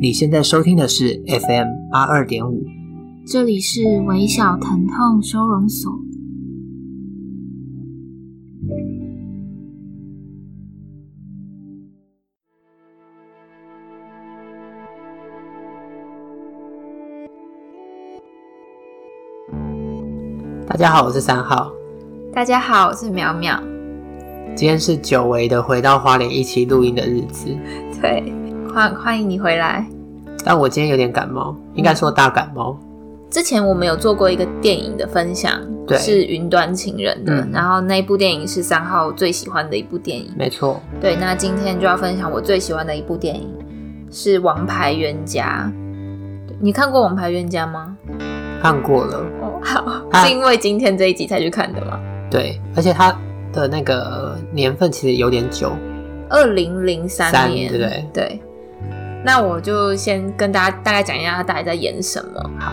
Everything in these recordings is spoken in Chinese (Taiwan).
你現在收聽的是 FM 八二點五，這裡是微小疼痛收容所。大家好，我是三號。大家好，我是淼淼。今天是久違的回到花蓮一起錄音的日子。嗯，對，歡歡迎你回來。但我今天有點感冒，應該說大感冒。嗯、之前我們有做過一個電影的分享，對，是《雲端情人》的，嗯、然後那部電影是三號最喜歡的一部電影，沒錯。對，那今天就要分享我最喜歡的一部電影，是《王牌冤家》。你看過《王牌冤家》嗎？看過了。哦，好，他是因為今天這一集才去看的嗎？對，而且他。的那個年份其實有點久，二零零三年，2003，對，對，對。那我就先跟大家大概講一下他大概在演什麼。好，《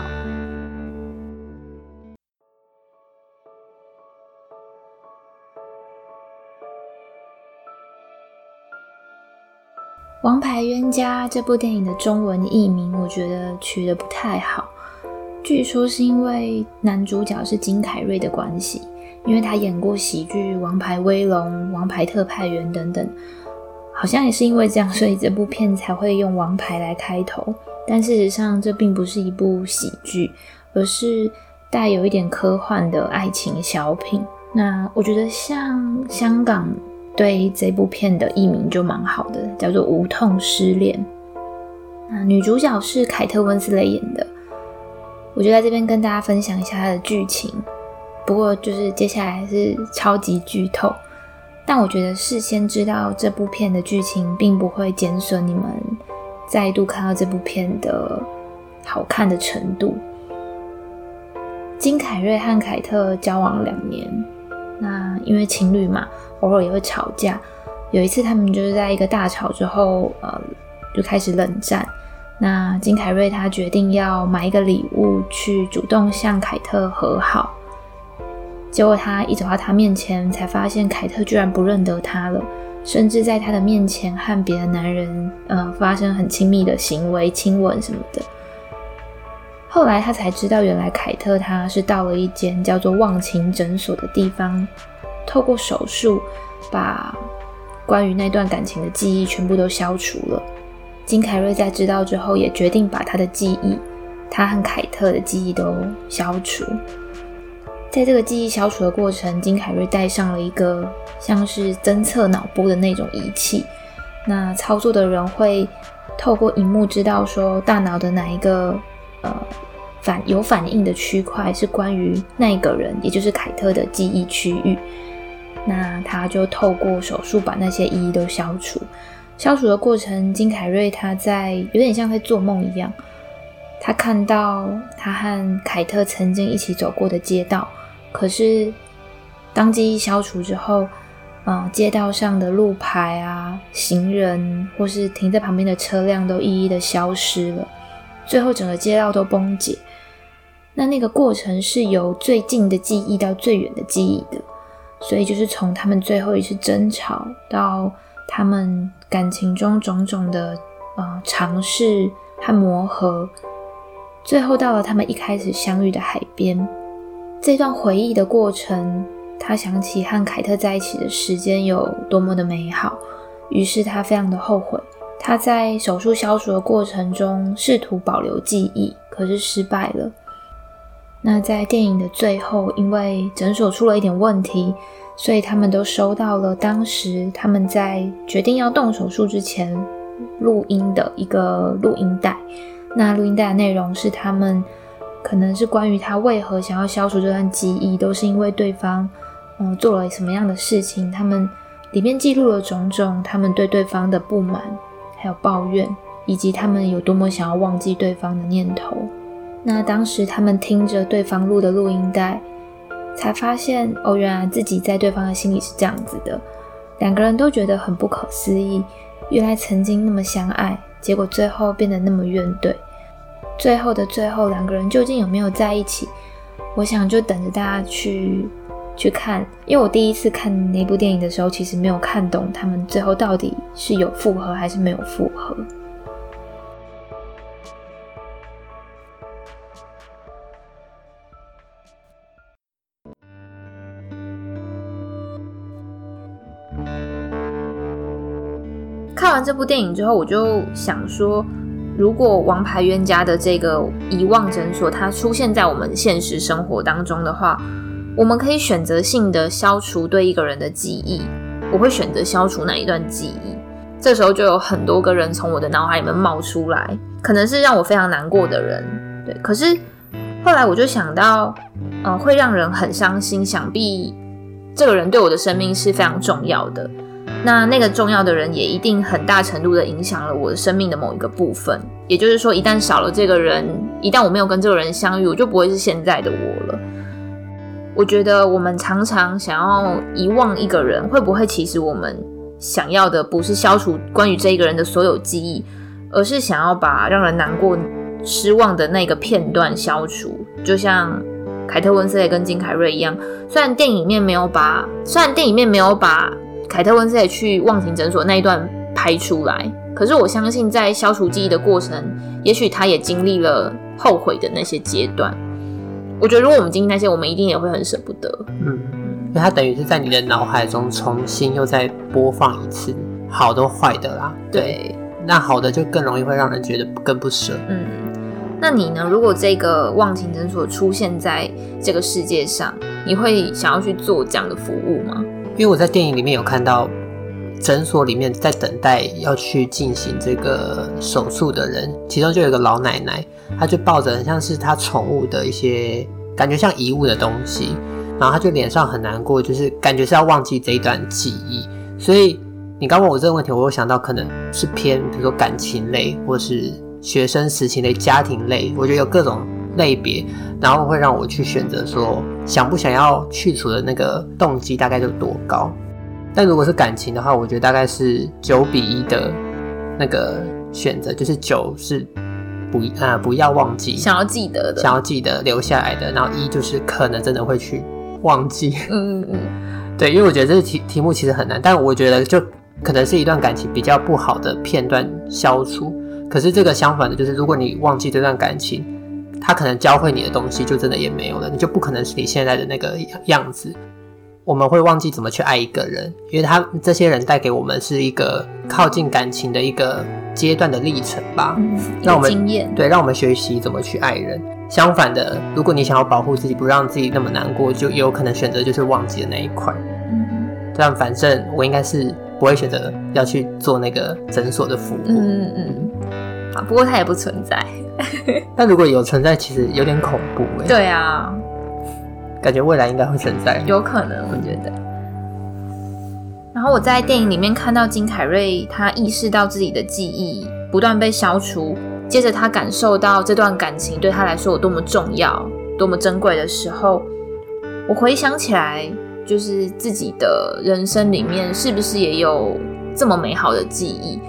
王牌冤家》這部電影的中文譯名，我覺得取得不太好。據說是因為男主角是金凱瑞的關係。因為他演過喜劇《王牌威龍》、《王牌特派員》等等，好像也是因為這樣，所以這部片才會用“王牌”來開頭。但事實上，這並不是一部喜劇，而是帶有一點科幻的愛情小品。那我覺得，像香港對這部片的譯名就蠻好的，叫做《無痛失戀》。那女主角是凱特溫斯萊演的，我就在這邊跟大家分享一下她的劇情。不過就是接下來是超級劇透，但我覺得事先知道這部片的劇情，並不會減損你們再度看到這部片的好看的程度。金凱瑞和凱特交往兩年，那因為情侶嘛，偶爾也會吵架。有一次他們就是在一個大吵之後，呃，就開始冷戰。那金凱瑞他決定要買一個禮物去主動向凱特和好。結果他一走到他面前，才發現凱特居然不認得他了，甚至在他的面前和別的男人，呃，發生很親密的行為、親吻什麼的。後來他才知道，原來凱特他是到了一間叫做忘情診所的地方，透過手術把關於那段感情的記憶全部都消除了。金凱瑞在知道之後，也決定把他的記憶，他和凱特的記憶都消除。在這個記憶消除的過程，金凱瑞戴上了一個像是偵測腦部的那種儀器。那操作的人會透過熒幕知道說，大腦的哪一個呃反，有反應的區塊是關於那個人，也就是凱特的記憶區域。那他就透過手術把那些一一都消除。消除的過程，金凱瑞他在有點像在做夢一樣，他看到他和凱特曾經一起走過的街道。可是，當記憶消除之後，呃，街道上的路牌啊、行人或是停在旁邊的車輛都一一的消失了，最後整個街道都崩解。那那個過程是由最近的記憶到最遠的記憶的，所以就是從他們最後一次爭吵到他們感情中種種的，呃，嘗試和磨合，最後到了他們一開始相遇的海邊。這段回憶的過程，他想起和凱特在一起的時間有多麼的美好，於是他非常的後悔。他在手術消除的過程中試圖保留記憶，可是失敗了。那在電影的最後，因為診所出了一點問題，所以他們都收到了當時他們在決定要動手術之前錄音的一個錄音帶。那錄音帶的內容是他們。可能是關於他為何想要消除這段記憶，都是因為對方，嗯，做了什麼樣的事情，他們裡面記錄了種種他們對對方的不滿，還有抱怨，以及他們有多麼想要忘記對方的念頭。那當時他們聽着對方錄的錄音帶，才發現哦，原來自己在對方的心裡是這樣子的。兩個人都覺得很不可思議，原來曾經那麼相愛，結果最後變得那麼怨懟。最後的最後，兩個人究竟有沒有在一起？我想就等着大家去去看。因為我第一次看那部電影的時候，其實沒有看懂他們最後到底是有復合還是沒有復合。看完這部電影之後，我就想說，如果王牌冤家的這個遺忘診所，它出現在我們現實生活當中的話，我們可以選擇性的消除對一個人的記憶。我會選擇消除哪一段記憶？這時候就有很多個人從我的腦海裡面冒出來，可能是讓我非常難過的人。對，可是後來我就想到，嗯、呃，會讓人很傷心，想必這個人對我的生命是非常重要的。那那個重要的人也一定很大程度地影響了我的生命的某一個部分，也就是說，一旦少了這個人，一旦我沒有跟這個人相遇，我就不會是現在的我了。我覺得我們常常想要遺忘一個人，會不會其實我們想要的不是消除關於這一個人的所有記憶，而是想要把讓人難過、失望的那個片段消除？就像凱特溫絲蕾跟金凱瑞一樣，雖然電影裡面沒有把，雖然電影裡面沒有把。凱特溫斯蕾去忘情診所那一段拍出來，可是我相信在消除記憶的過程，也許他也經歷了後悔的那些階段。我覺得如果我們經歷那些，我們一定也會很捨不得。嗯，因為他等於是在你的腦海中重新又再播放一次，好的壞的啦。對，對，那好的就更容易會讓人覺得更不捨。嗯，那你呢？如果這個忘情診所出現在這個世界上，你會想要去做這樣的服務嗎？因為我在電影裡面有看到，診所裡面在等待要去進行這個手術的人，其中就有一個老奶奶，她就抱着很像是她寵物的一些感覺像遺物的東西，然後她就臉上很難過，就是感覺是要忘記這一段記憶。所以你剛問我這個問題，我又想到可能是偏比如說感情類，或是學生時期類、家庭類，我覺得有各種。類別，然後會讓我去選擇，說想不想要去除的那個動機大概就多高？但如果是感情的話，我覺得大概是九比一的那個選擇，就是九是不啊、呃、不要忘記，想要記得的，想要記得留下來的，然後一就是可能真的會去忘記。嗯嗯嗯，對，因為我覺得這題題目其實很難，但我覺得就可能是一段感情比較不好的片段消除，可是這個相反的，就是如果你忘記這段感情。他可能教會你的東西就真的也沒有了，你就不可能是你現在的那個樣子。我們會忘記怎麼去愛一個人，因為他這些人帶給我們是一個靠近感情的一個階段的歷程吧。嗯，經驗。讓我們，對，讓我們學習怎麼去愛人。相反的，如果你想要保護自己，不讓自己那麼難過，就有可能選擇就是忘記的那一塊。但、嗯、反正我應該是不會選擇要去做那個診所的服務。嗯，嗯嗯。不過它也不存在 。但如果有存在，其實有點恐怖哎。對啊，感覺未來應該會存在，有可能我覺得。然後我在電影裡面看到金凱瑞，他意識到自己的記憶不斷被消除，接着他感受到這段感情對他來說有多麼重要、多麼珍貴的時候，我回想起來，就是自己的人生裡面是不是也有這麼美好的記憶？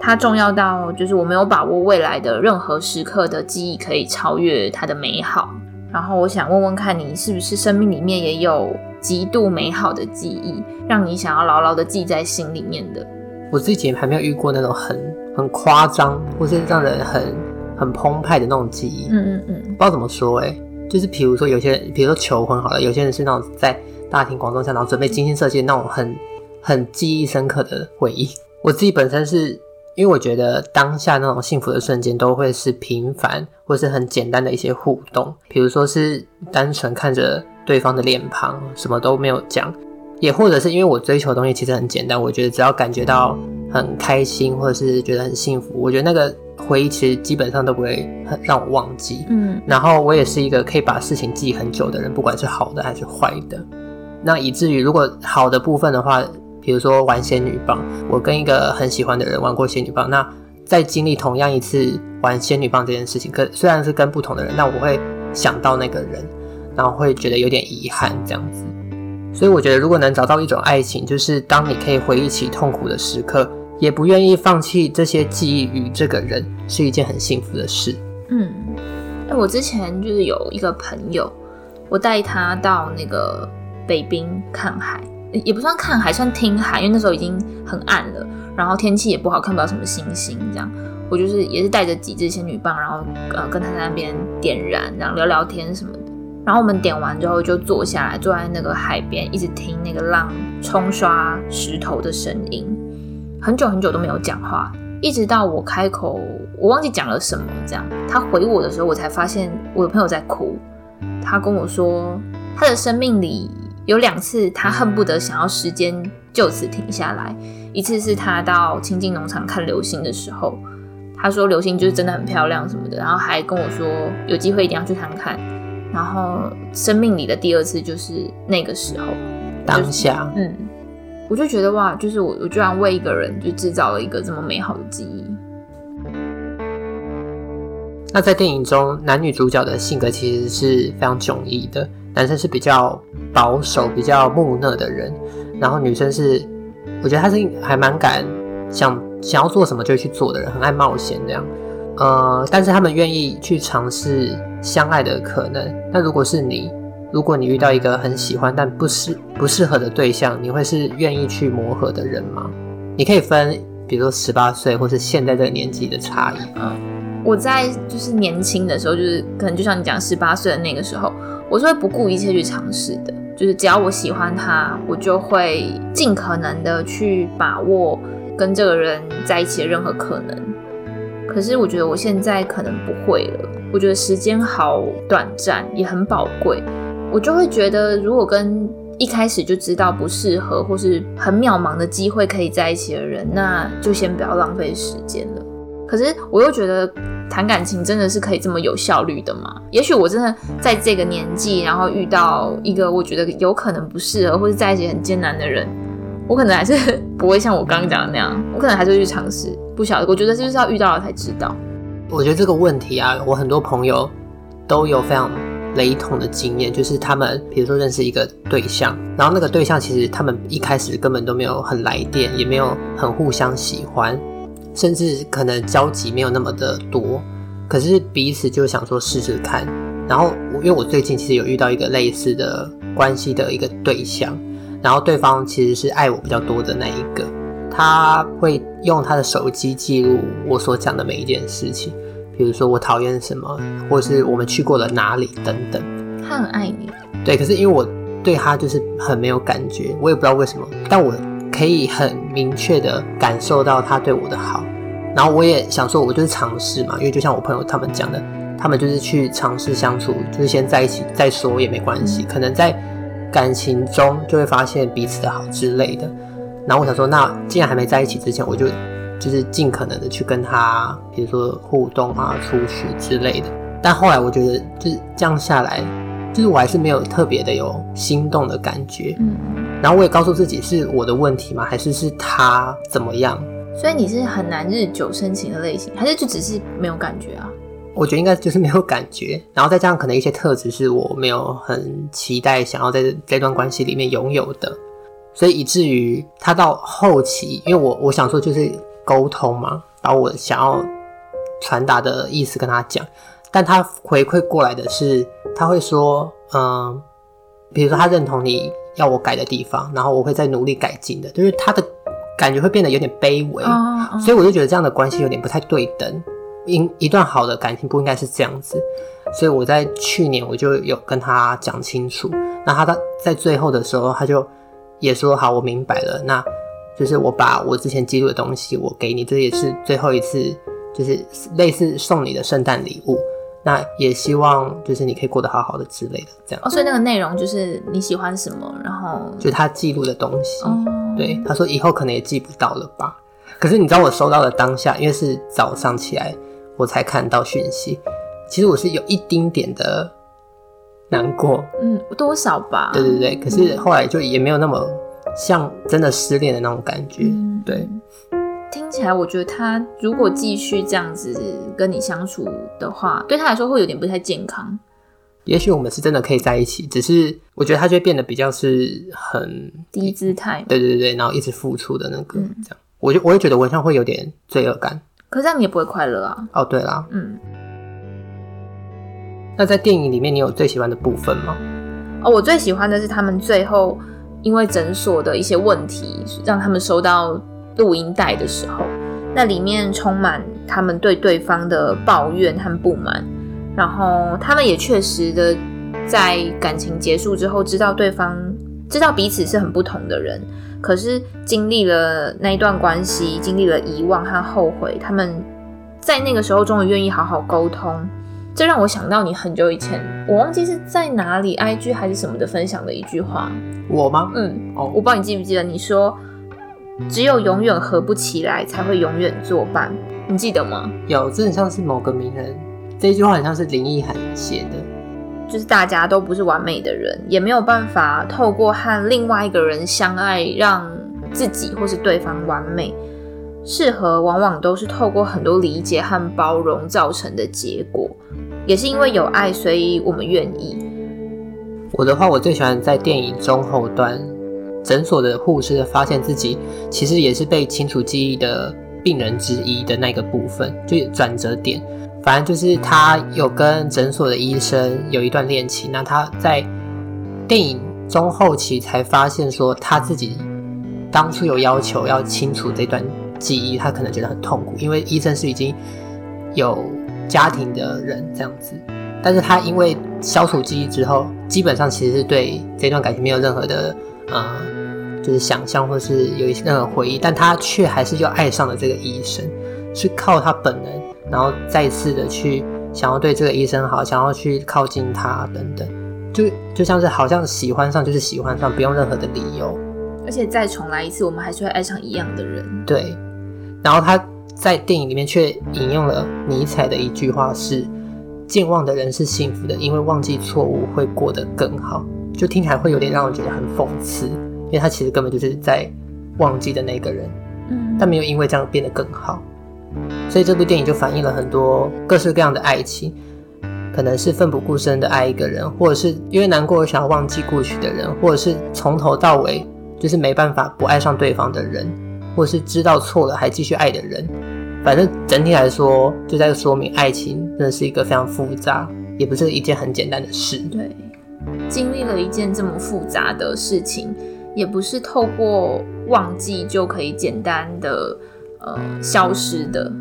它重要到就是我沒有把握未來的任何時刻的記憶可以超越它的美好。然後我想問問看你是不是生命裡面也有極度美好的記憶，讓你想要牢牢的記在心裡面的？我自己還沒有遇過那種很很誇張，或是讓人很很澎湃的那種記憶。嗯嗯嗯，不知道怎麼說哎、欸，就是比如說有些人，比如說求婚好了，有些人是那種在大庭廣眾下，然後準備精心設計的那種很很記憶深刻的回憶。我自己本身是。因為我覺得當下那種幸福的瞬間，都會是平凡或是很簡單的一些互動，比如說是單純看着對方的臉龐，什麼都沒有講，也或者是因為我追求的東西其實很簡單，我覺得只要感覺到很開心，或者是覺得很幸福，我覺得那個回憶其實基本上都不會很讓我忘記。嗯，然後我也是一個可以把事情記很久的人，不管是好的還是壞的，那以至於如果好的部分的話。比如說玩仙女棒，我跟一個很喜歡的人玩過仙女棒。那再經歷同樣一次玩仙女棒這件事情，可雖然是跟不同的人，但我會想到那個人，然後會覺得有點遺憾這樣子。所以我覺得，如果能找到一種愛情，就是當你可以回憶起痛苦的時刻，也不願意放棄這些記憶與這個人，是一件很幸福的事。嗯，我之前就是有一個朋友，我帶他到那個北濱看海。也不算看海，還算聽海，因為那時候已經很暗了，然後天氣也不好，看不到什麼星星。這樣，我就是也是帶着幾支仙女棒，然後呃，跟他在那邊點燃，然後聊聊天什麼的。然後我們點完之後，就坐下來，坐在那個海邊，一直聽那個浪沖刷石頭的聲音，很久很久都沒有講話，一直到我開口，我忘記講了什麼，這樣，他回我的時候，我才發現我的朋友在哭。他跟我說，他的生命裡。有兩次，他恨不得想要時間就此停下來。一次是他到清境農場看流星的時候，他說流星就是真的很漂亮什麼的，然後還跟我說有機會一定要去看看。然後生命裡的第二次就是那個時候，當下，嗯，我就覺得哇，就是我，我居然為一個人就制造了一個這麼美好的記憶。那在電影中，男女主角的性格其實是非常迥異的。男生是比較保守、比較木訥的人，然後女生是，我覺得她是還蠻敢想，想想要做什麼就去做的人，很愛冒險這樣。呃，但是他們願意去嘗試相愛的可能。那如果是你，如果你遇到一個很喜歡但不適不適合的對象，你會是願意去磨合的人嗎？你可以分，比如說十八歲或是現在這個年紀的差異嗎？嗯，我在就是年輕的時候，就是可能就像你講十八歲的那個時候。我是會不顧一切去嘗試的，就是只要我喜歡他，我就會盡可能的去把握跟這個人在一起的任何可能。可是我覺得我現在可能不會了，我覺得時間好短暫，也很寶貴，我就會覺得如果跟一開始就知道不適合或是很渺茫的機會可以在一起的人，那就先不要浪費時間了。可是我又覺得。談感情真的是可以這麼有效率的嗎？也許我真的在這個年紀，然後遇到一個我覺得有可能不適合或者在一起很艱難的人，我可能還是不會像我剛剛講的那樣，我可能還是會去嘗試。不曉得，我覺得就是要遇到了才知道。我覺得這個問題啊，我很多朋友都有非常雷同的經驗，就是他們比如說認識一個對象，然後那個對象其實他們一開始根本都沒有很來電，也沒有很互相喜歡。甚至可能交集沒有那麼的多，可是彼此就想說試試看。然後我因為我最近其實有遇到一個類似的關係的一個對象，然後對方其實是愛我比較多的那一個，他會用他的手機記錄我所講的每一件事情，比如說我討厭什麼，或是我們去過了哪裡等等。他很愛你。對，可是因為我對他就是很沒有感覺，我也不知道為什麼，但我……可以很明確的感受到他對我的好，然後我也想說，我就是嘗試嘛，因為就像我朋友他們講的，他們就是去嘗試相處，就是先在一起再說也沒關係，可能在感情中就會發現彼此的好之類的。然後我想說，那既然還沒在一起之前，我就就是盡可能的去跟他，比如說互動啊、出去之類的。但後來我覺得，就是這樣下來，就是我還是沒有特別的有心動的感覺。嗯。然後我也告訴自己，是我的問題嗎？還是是他怎麼樣？所以你是很難日久生情的類型，還是就只是沒有感覺啊？我覺得應該就是沒有感覺，然後再加上可能一些特質是我沒有很期待想要在這段關係裡面擁有的，所以以至於他到後期，因為我我想說就是溝通嘛，然後我想要傳達的意思跟他講，但他回饋過來的是他會說，嗯，比如說他認同你。要我改的地方，然後我會再努力改進的。就是他的感覺會變得有點卑微，oh, oh, oh. 所以我就覺得這樣的關係有點不太對等。一一段好的感情不應該是這樣子。所以我在去年我就有跟他講清楚，那他在，在最後的時候，他就也說好，我明白了。那就是我把我之前記錄的東西，我給你，這也是最後一次，就是類似送你的聖誕禮物。那也希望就是你可以過得好好的之類的，這樣。哦，所以那個內容就是你喜歡什麼，然後就他記錄的東西。嗯、對，他說以後可能也記不到了吧。可是你知道我收到的當下，因為是早上起來我才看到訊息，其實我是有一丁點的難過。嗯，多少吧？對對對。可是後來就也沒有那麼像真的失戀的那種感覺。嗯、對。起來，我覺得他如果繼續這樣子跟你相處的話，對他來說會有點不太健康。也許我們是真的可以在一起，只是我覺得他就會變得比較是很低姿態。對對對，然後一直付出的那個，嗯、這樣，我就我也覺得我好像會有點罪惡感。可是這樣你也不會快樂啊。哦，對啦，嗯。那在電影裡面，你有最喜歡的部分嗎？哦，我最喜歡的是他們最後因為診所的一些問題，讓他們收到錄音帶的時候，那裡面充滿他們對對方的抱怨和不滿，然後他們也確實的在感情結束之後，知道對方知道彼此是很不同的人，可是經歷了那一段關係，經歷了遺忘和後悔，他們在那個時候終於願意好好溝通。這讓我想到你很久以前，我忘記是在哪裡 IG 還是什麼的分享的一句話，我嗎？嗯，哦，oh. 我不知道你記不記得你說。只有永遠合不起來，才會永遠作伴。你記得嗎？有，這很像是某個名人這句話，很像是林奕含寫的。就是大家都不是完美的人，也沒有辦法透過和另外一個人相愛，讓自己或是對方完美。適合往往都是透過很多理解和包容造成的結果。也是因為有愛，所以我們願意。我的話，我最喜歡在電影中後段，診所的護士發現自己其實也是被清除記憶的病人之一的那個部分，就轉折點。反正就是他有跟診所的醫生有一段戀情。那他在電影中後期才發現，說他自己當初有要求要清除這段記憶，他可能覺得很痛苦，因為醫生是已經有家庭的人這樣子。但是他因為消除記憶之後，基本上其實是對這段感情沒有任何的。啊、呃，就是想象或是有一些任何回憶，但他卻還是又愛上了這個醫生，是靠他本能，然後再次的去想要對這個醫生好，想要去靠近他等等，就就像是好像喜歡上就是喜歡上，不用任何的理由，而且再重來一次，我們還是會愛上一樣的人。對，然後他在電影裡面卻引用了尼采的一句話是：健忘的人是幸福的，因為忘記錯誤會過得更好。就聽起來會有點讓我覺得很諷刺，因為他其實根本就是在忘記的那個人，嗯，但沒有因為這樣變得更好。所以這部電影就反映了很多各式各樣的愛情，可能是奮不顧身的愛一個人，或者是因為難過而想要忘記過去的人，或者是從頭到尾就是沒辦法不愛上對方的人，或者是知道錯了還繼續愛的人。反正整體來說，就在說明愛情真的是一個非常複雜，也不是一件很簡單的事。對。經歷了一件這麼複雜的事情，也不是透過忘記就可以簡單的呃消失的。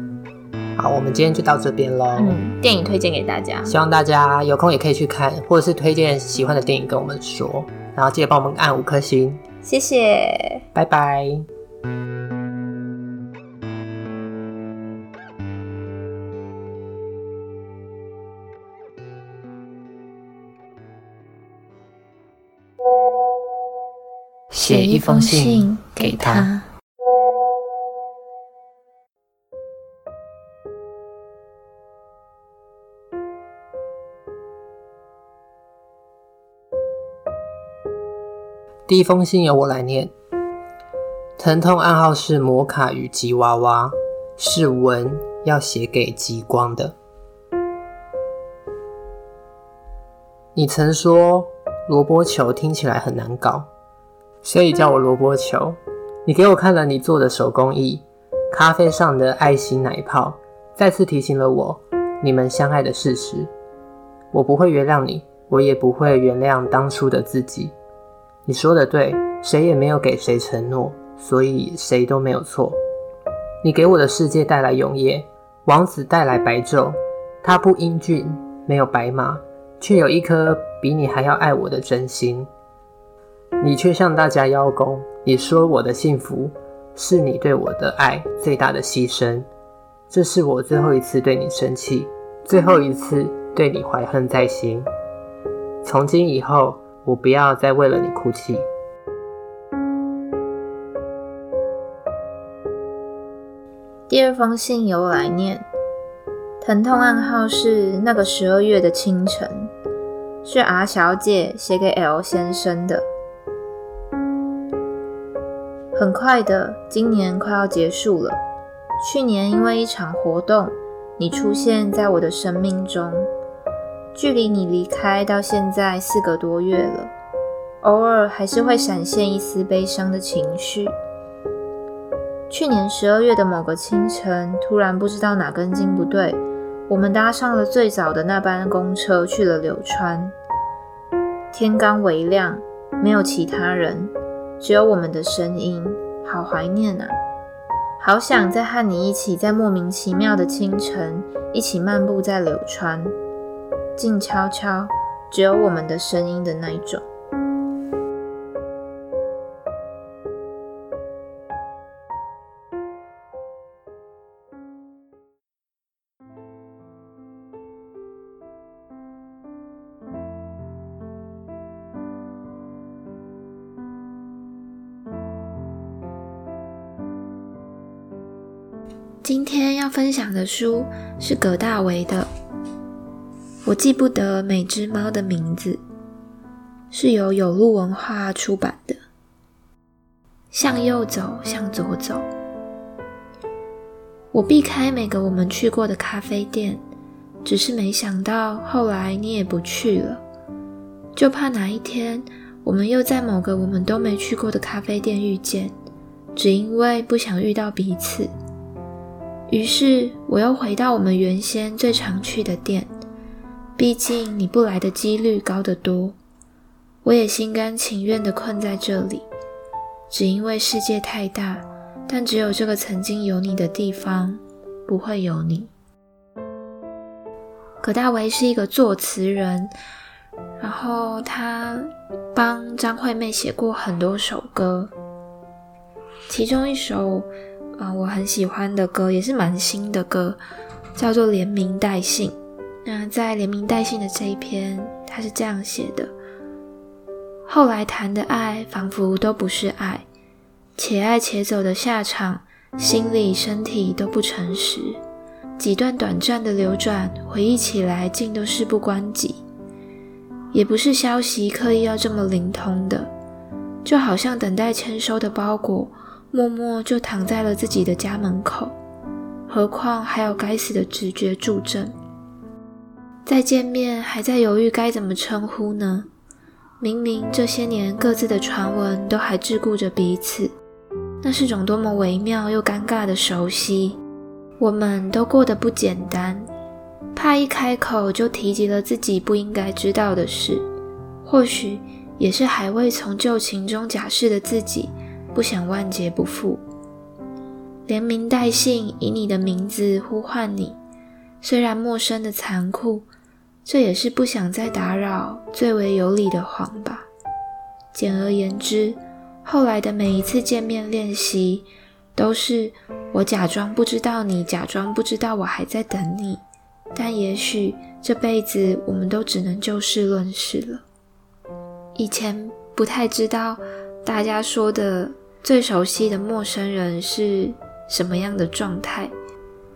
好，我們今天就到這邊嘍。嗯，電影推薦給大家，希望大家有空也可以去看，或者是推薦喜歡的電影跟我們說，然後記得幫我們按五顆星，謝謝，拜拜。寫一封信給他。第一封信由我來念。疼痛暗號是摩卡與吉娃娃，是文要寫給極光的。你曾說，蘿蔔球聽起來很難搞。所以叫我蘿蔔球，你給我看了你做的手工藝，咖啡上的愛心奶泡，再次提醒了我你們相愛的事實。我不會原諒你，我也不會原諒當初的自己。你說的對，誰也沒有給誰承諾，所以誰都沒有錯。你給我的世界帶來永夜，王子帶來白晝。他不英俊，沒有白馬，卻有一顆比你還要愛我的真心。你卻向大家邀功，你說我的幸福是你對我的愛最大的犧牲。這是我最後一次對你生氣，最後一次對你懷恨在心。從今以後，我不要再為了你哭泣。第二封信由來念，疼痛暗號是那個十二月的清晨，是 R 小姐寫給 L 先生的。很快的，今年快要結束了。去年因為一場活動，你出現在我的生命中。距離你離開到現在四個多月了，偶爾還是會閃現一絲悲傷的情緒。去年十二月的某個清晨，突然不知道哪根筋不對，我們搭上了最早的那班公車去了柳川。天剛微亮，沒有其他人。只有我們的聲音，好懷念啊！好想再和你一起，在莫名其妙的清晨，一起漫步在柳川，靜悄悄，只有我們的聲音的那一種。他分享的書是葛大為的。我記不得每隻貓的名字，是由有路文化出版的。向右走，向左走。我避開每個我們去過的咖啡店，只是沒想到，後來你也不去了。就怕哪一天我們又在某個我們都沒去過的咖啡店遇見，只因為不想遇到彼此。於是我又回到我們原先最常去的店，畢竟你不來的幾率高得多，我也心甘情願的困在這裡，只因為世界太大，但只有這個曾經有你的地方不會有你。葛大為是一個作詞人，然後他幫張惠妹寫過很多首歌，其中一首。啊、哦，我很喜歡的歌也是蠻新的歌，叫做《連名帶姓》。那在《連名帶姓》的這一篇，它是這樣寫的：後來談的愛仿佛都不是愛，且愛且走的下場，心裡身體都不誠實。幾段短暫的流轉，回憶起來竟都事不關己，也不是消息刻意要這麼靈通的，就好像等待簽收的包裹。默默就躺在了自己的家門口，何況還有該死的直覺助陣。再見面，還在猶豫該怎麼稱呼呢？明明這些年各自的傳聞都還桎梏着彼此，那是種多麼微妙又尷尬的熟悉。我們都過得不簡單，怕一開口就提及了自己不應該知道的事，或許也是還未從舊情中假釋的自己。不想萬劫不復，連名帶姓以你的名字呼喚你，雖然陌生的殘酷，這也是不想再打擾最為有禮的謊吧。簡而言之，後來的每一次見面練習，都是我假裝不知道你，假裝不知道我還在等你。但也許這輩子我們都只能就事論事了。以前不太知道大家說的，最熟悉的陌生人是什麼樣的狀態？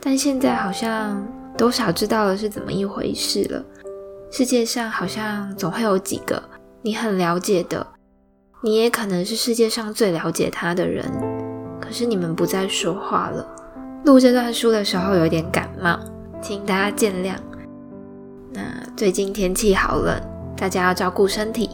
但現在好像多少知道了是怎麼一回事了。世界上好像總會有幾個你很了解的，你也可能是世界上最了解他的人。可是你們不再說話了。錄這段書的時候有點感冒，請大家見諒。那最近天氣好冷，大家要照顧身體。